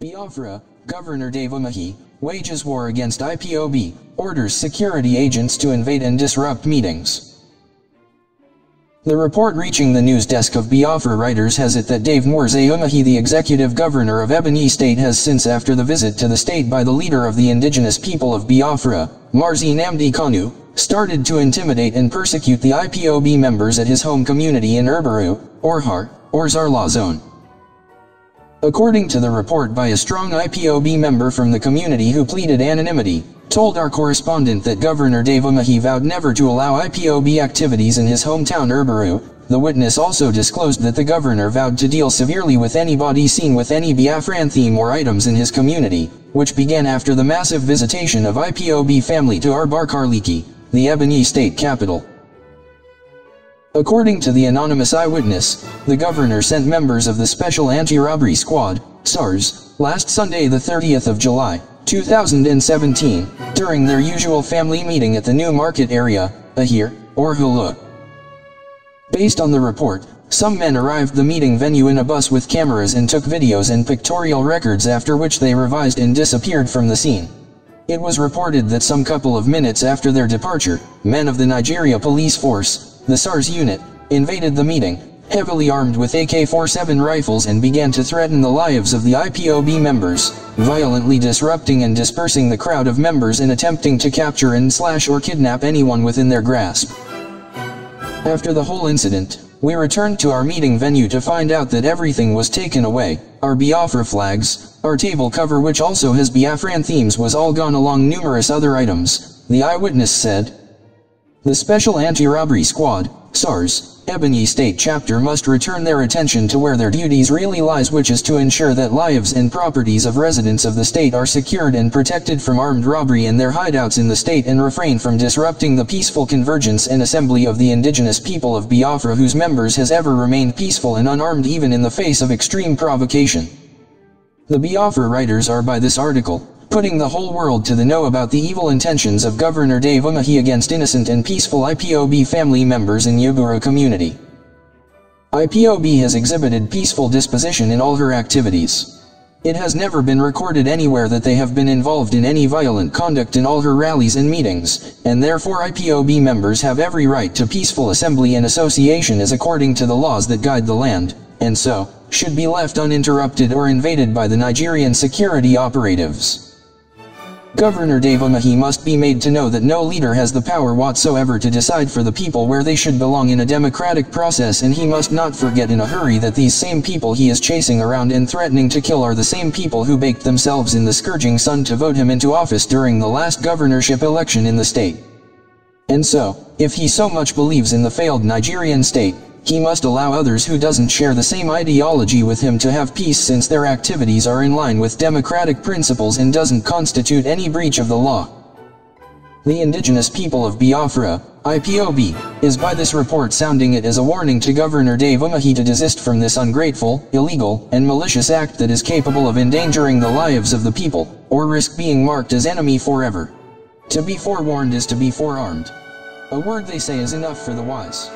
Biafra, Governor Dave Devamahi, wages war against IPOB, orders security agents to invade and disrupt meetings. The report reaching the news desk of Biafra writers has it that Dave Morzeumahi the executive governor of Ebony State has since after the visit to the state by the leader of the indigenous people of Biafra, Marzi Namdi Kanu, started to intimidate and persecute the IPOB members at his home community in Erbaru, Orhar, or Zarla zone. According to the report by a strong IPOB member from the community who pleaded anonymity, told our correspondent that Governor Dave Umahi vowed never to allow IPOB activities in his hometown Urburu, the witness also disclosed that the governor vowed to deal severely with anybody seen with any Biafran theme or items in his community, which began after the massive visitation of IPOB family to Arbar Karliki, the Ebony state capital. According to the anonymous eyewitness, the governor sent members of the Special Anti-Robbery Squad, SARS, last Sunday the 30th of July, 2017, during their usual family meeting at the New Market area, Ahir, or Hulu. Based on the report, some men arrived the meeting venue in a bus with cameras and took videos and pictorial records after which they revised and disappeared from the scene. It was reported that some couple of minutes after their departure, men of the Nigeria Police Force, the SARS unit, invaded the meeting, heavily armed with AK-47 rifles and began to threaten the lives of the IPOB members, violently disrupting and dispersing the crowd of members in attempting to capture and slash or kidnap anyone within their grasp. After the whole incident, we returned to our meeting venue to find out that everything was taken away, our Biafra flags, our table cover which also has Biafran themes was all gone along numerous other items, the eyewitness said, the Special Anti-Robbery Squad, SARS, Ebony State Chapter must return their attention to where their duties really lies which is to ensure that lives and properties of residents of the state are secured and protected from armed robbery in their hideouts in the state and refrain from disrupting the peaceful convergence and assembly of the indigenous people of Biafra whose members has ever remained peaceful and unarmed even in the face of extreme provocation. The Biafra writers are by this article, putting the whole world to the know about the evil intentions of Governor Dave Umahi against innocent and peaceful IPOB family members in Yabura community. IPOB has exhibited peaceful disposition in all her activities. It has never been recorded anywhere that they have been involved in any violent conduct in all her rallies and meetings, and therefore IPOB members have every right to peaceful assembly and association as according to the laws that guide the land, and so, should be left uninterrupted or invaded by the Nigerian security operatives. Governor Dave Devamahi must be made to know that no leader has the power whatsoever to decide for the people where they should belong in a democratic process and he must not forget in a hurry that these same people he is chasing around and threatening to kill are the same people who baked themselves in the scourging sun to vote him into office during the last governorship election in the state. And so, if he so much believes in the failed Nigerian state, he must allow others who doesn't share the same ideology with him to have peace since their activities are in line with democratic principles and doesn't constitute any breach of the law. The indigenous people of Biafra, IPOB, is by this report sounding it as a warning to Governor Dave Umahi to desist from this ungrateful, illegal, and malicious act that is capable of endangering the lives of the people, or risk being marked as enemy forever. To be forewarned is to be forearmed. A word they say is enough for the wise.